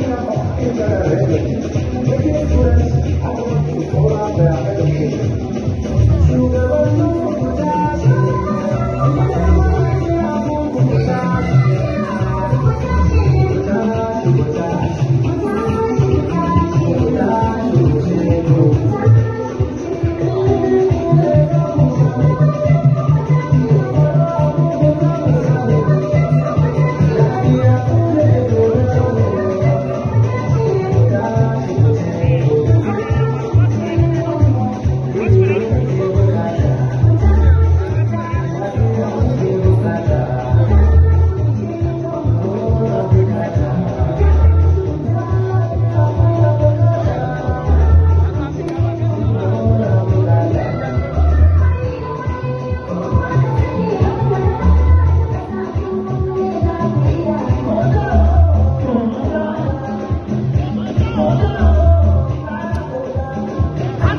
Gracias.